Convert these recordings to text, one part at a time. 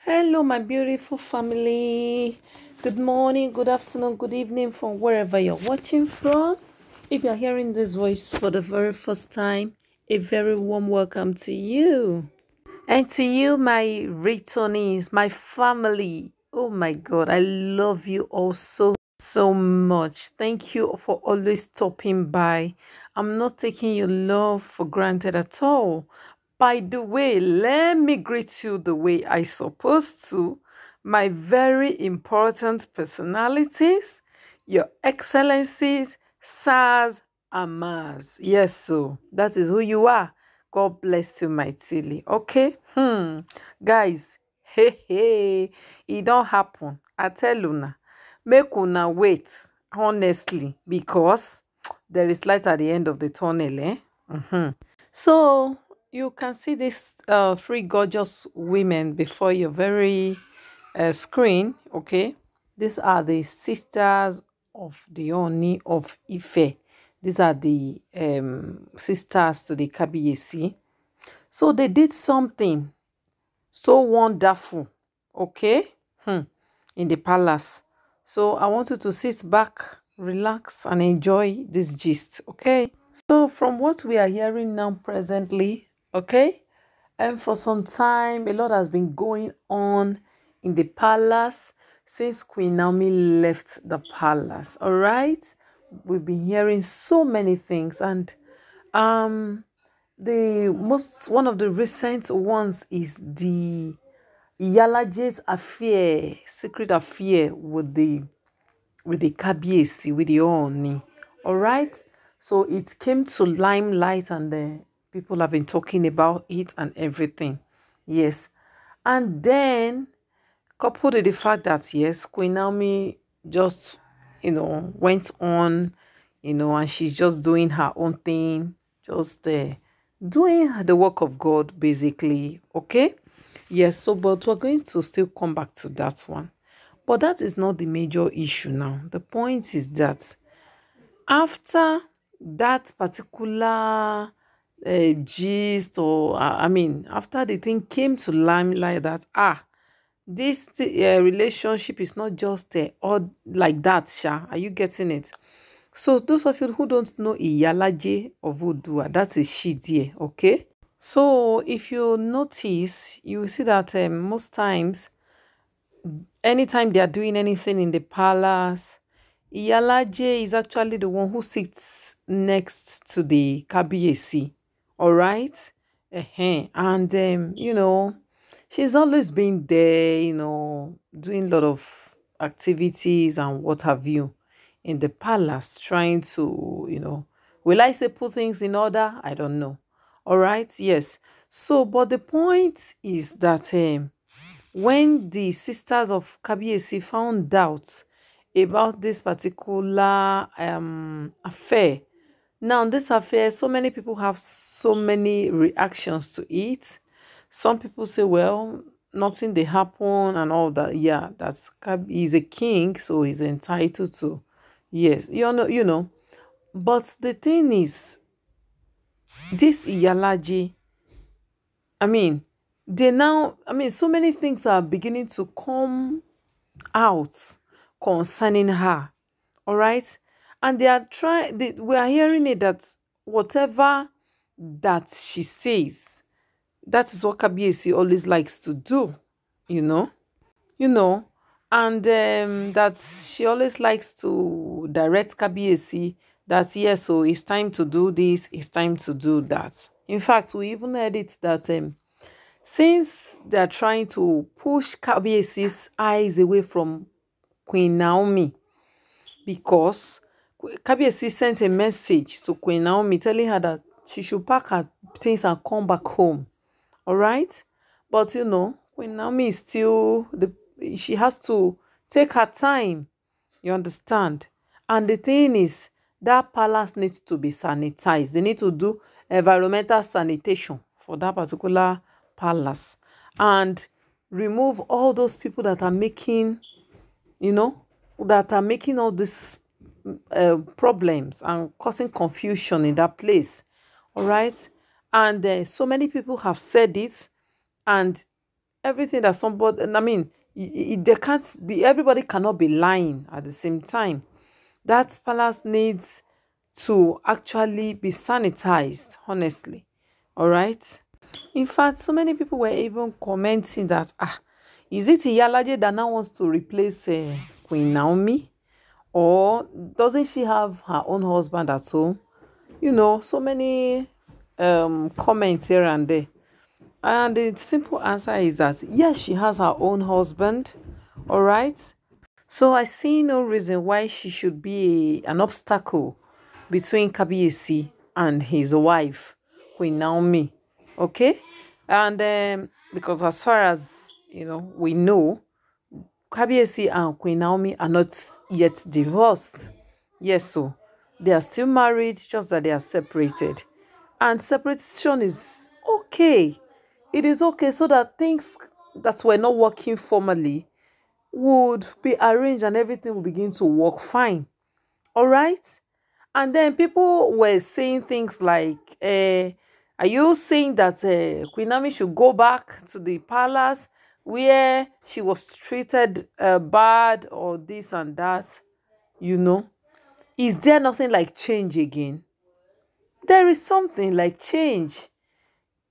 hello my beautiful family good morning good afternoon good evening from wherever you're watching from if you're hearing this voice for the very first time a very warm welcome to you and to you my returnees my family oh my god i love you all so so much. Thank you for always stopping by. I'm not taking your love for granted at all. By the way, let me greet you the way I supposed to. My very important personalities, your excellencies, Sars and mars. Yes, so that is who you are. God bless you mightily. Okay? Hmm. Guys, hey, hey. It don't happen. I tell Luna make una wait honestly because there is light at the end of the tunnel eh mm -hmm. so you can see these uh, three gorgeous women before your very uh, screen okay these are the sisters of the Oni of Ife these are the um, sisters to the Kabiyesi so they did something so wonderful okay hmm. in the palace so I want you to sit back, relax, and enjoy this gist, okay? So from what we are hearing now presently, okay? And for some time, a lot has been going on in the palace since Queen Naomi left the palace, all right? We've been hearing so many things and um the most one of the recent ones is the Iyalaje's affair, secret affair with the with the Kabiesi, with the Oni. All right? So it came to limelight and the people have been talking about it and everything. Yes. And then coupled with the fact that yes, Queen Naomi just, you know, went on, you know, and she's just doing her own thing, just uh, doing the work of God basically, okay? Yes, so but we're going to still come back to that one. But that is not the major issue now. The point is that after that particular uh, gist or uh, I mean, after the thing came to like that, ah, this uh, relationship is not just uh, eh, odd like that, Sha. Are you getting it? So those of you who don't know Iyalaje of voodoo, that is she dear, okay? So if you notice, you see that um, most times, anytime they are doing anything in the palace, Iyalaje is actually the one who sits next to the Kabiyesi, all right? Uh -huh. And, um, you know, she's always been there, you know, doing a lot of activities and what have you in the palace, trying to, you know, will I say put things in order? I don't know all right yes so but the point is that um, when the sisters of kabiesi found out about this particular um affair now this affair so many people have so many reactions to it some people say well nothing they happen and all that yeah that's he's a king so he's entitled to yes you know you know but the thing is this Yalaji. I mean, they now, I mean, so many things are beginning to come out concerning her. All right. And they are trying, we are hearing it that whatever that she says, that is what Kabiesi always likes to do, you know, you know, and um, that she always likes to direct Kabiesi that yes, so it's time to do this, it's time to do that. In fact, we even edit that um, since they're trying to push Kabiesi's eyes away from Queen Naomi, because Kabiesi sent a message to Queen Naomi telling her that she should pack her things and come back home. All right? But you know, Queen Naomi is still the she has to take her time. You understand? And the thing is, that palace needs to be sanitized. They need to do environmental sanitation for that particular palace and remove all those people that are making, you know, that are making all these uh, problems and causing confusion in that place. All right. And uh, so many people have said it, and everything that somebody, I mean, they can't be, everybody cannot be lying at the same time that palace needs to actually be sanitized, honestly. All right. In fact, so many people were even commenting that, ah, is it Iyalaje that now wants to replace uh, Queen Naomi? Or doesn't she have her own husband at home? You know, so many um, comments here and there. And the simple answer is that, yes, she has her own husband. All right. So I see no reason why she should be a, an obstacle between Kabiesi and his wife, Queen Naomi. Okay? And um, because as far as you know, we know Kabiesi and Queen Naomi are not yet divorced. Yes, so they are still married, just that they are separated. And separation is okay. It is okay so that things that were not working formally would be arranged and everything would begin to work fine. All right? And then people were saying things like, uh, Are you saying that uh, Queen Naomi should go back to the palace where she was treated uh, bad or this and that? You know? Is there nothing like change again? There is something like change.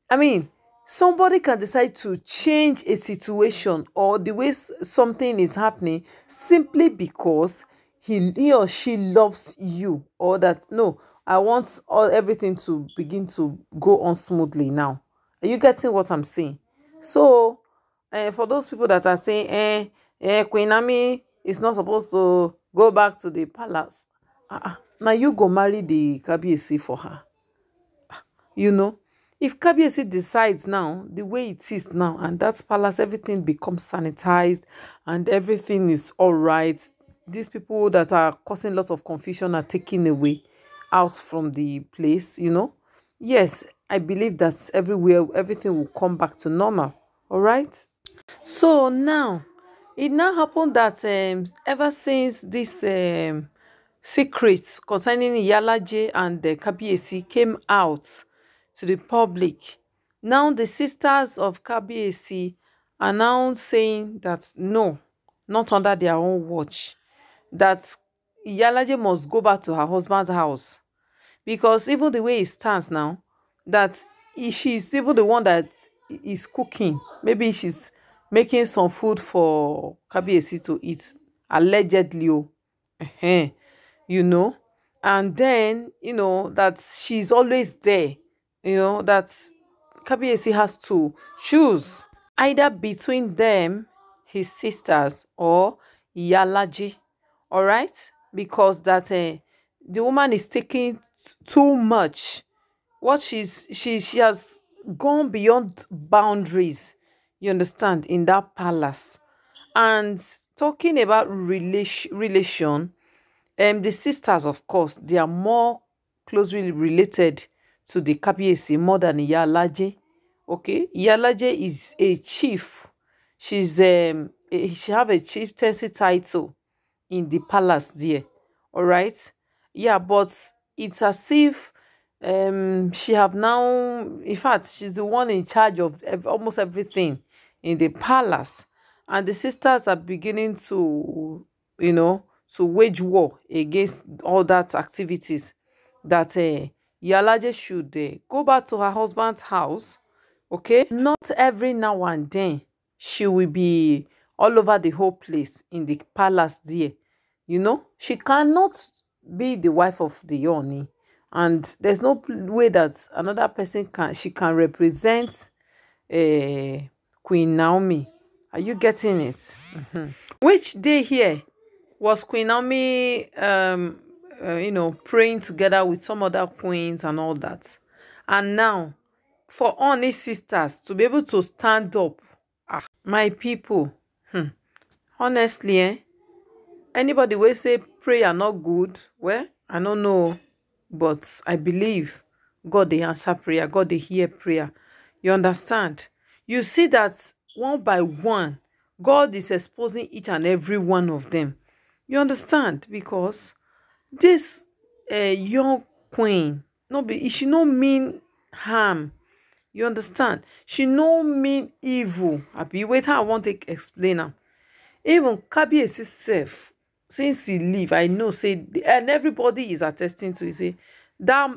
I mean, somebody can decide to change a situation or the way something is happening simply because he, he or she loves you or that no i want all everything to begin to go on smoothly now are you getting what i'm saying so uh, for those people that are saying eh, eh queen ami is not supposed to go back to the palace uh, ah, uh, ah, now you go marry the kabiyesi for her ah, you know if KBSC decides now the way it is now, and that palace, everything becomes sanitized and everything is all right, these people that are causing lots of confusion are taken away out from the place, you know. Yes, I believe that everywhere everything will come back to normal. All right. So now it now happened that um, ever since this um, secret concerning Yalaje and the uh, came out to the public. Now the sisters of K B A C are now saying that no, not under their own watch, that Yalaje must go back to her husband's house. Because even the way it stands now, that she's even the one that is cooking. Maybe she's making some food for K B A C to eat, allegedly. You know? And then, you know, that she's always there you know, that KBAC has to choose either between them, his sisters, or Yalaji. All right? Because that uh, the woman is taking too much. What she's she she has gone beyond boundaries, you understand, in that palace. And talking about relation relation, um the sisters, of course, they are more closely related to the Kabiesi more than Iyalaje. Okay, Iyalaje is a chief. She's um a, she have a chieftaincy title in the palace there. All right, yeah, but it's as if um she have now. In fact, she's the one in charge of almost everything in the palace, and the sisters are beginning to, you know, to wage war against all that activities that uh, Yalaje should go back to her husband's house, okay? Not every now and then she will be all over the whole place in the palace there. You know, she cannot be the wife of the Ooni. And there's no way that another person can, she can represent uh, Queen Naomi. Are you getting it? Mm-hmm. Which day here was Queen Naomi um, uh, you know, praying together with some other queens and all that. And now, for honest sisters to be able to stand up, ah, my people, hmm, honestly, eh, anybody will say prayer not good, well, I don't know, but I believe God they answer prayer, God they hear prayer. You understand? You see that one by one, God is exposing each and every one of them. You understand? Because dis eh, young queen no, be she no mean harm you understand she no mean evil abi wetin i wan take explain am even kabiyesi sef since he leave i know say and everybody is attesting to it say that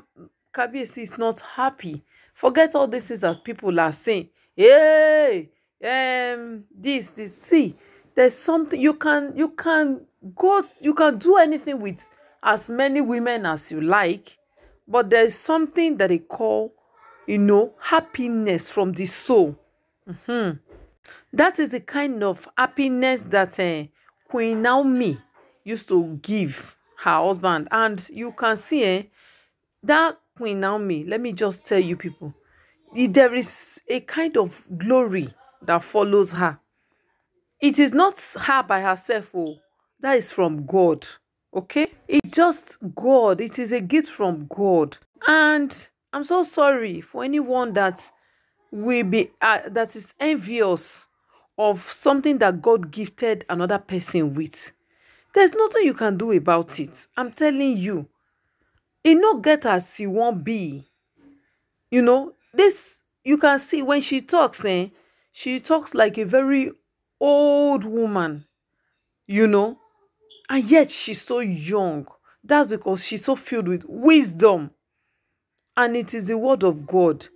kabiyesi is not happy forget all these things that people are saying hey um, this this see there's something you can you can go you can do anything with as many women as you like, but there is something that they call, you know, happiness from the soul. Mm -hmm. That is the kind of happiness that uh, Queen Naomi used to give her husband. And you can see eh, that Queen Naomi, let me just tell you people, there is a kind of glory that follows her. It is not her by herself, oh, that is from God okay it's just god it is a gift from god and i'm so sorry for anyone that will be uh, that is envious of something that god gifted another person with there's nothing you can do about it i'm telling you e no get as won't be you know this you can see when she talks eh she talks like a very old woman you know and yet she's so young. That's because she's so filled with wisdom. And it is the word of God.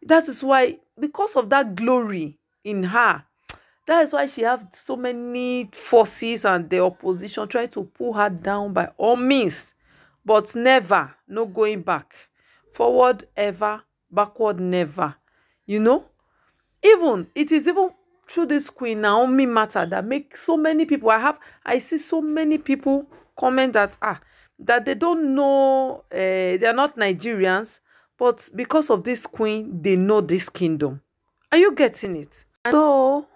That is why, because of that glory in her, that is why she have so many forces and the opposition trying to pull her down by all means. But never, no going back. Forward ever, backward never. You know? Even, it is even through this Queen Naomi matter that make so many people. I have I see so many people comment that ah that they don't know uh, they are not Nigerians, but because of this Queen they know this kingdom. Are you getting it? So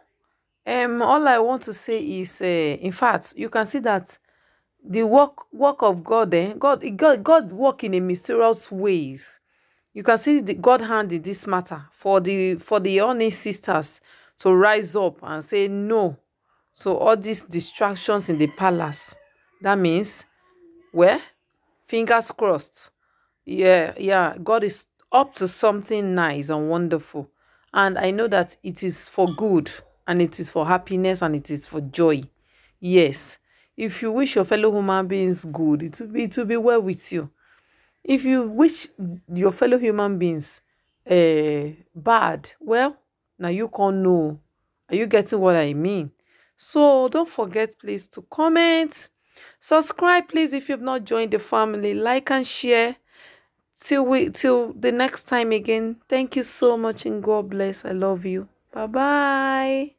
um, all I want to say is, uh, in fact, you can see that the work work of God, eh? God, God, God work in a mysterious ways. You can see the God hand in this matter for the for the honest sisters to rise up and say no so all these distractions in the palace. That means, where? fingers crossed. Yeah, yeah, God is up to something nice and wonderful. And I know that it is for good and it is for happiness and it is for joy. Yes, if you wish your fellow human beings good, it will be, it will be well with you. If you wish your fellow human beings uh, bad, well, Now you can know are you getting what i mean so don't forget please to comment subscribe please if you've not joined the family like and share till we till the next time again thank you so much and god bless i love you bye bye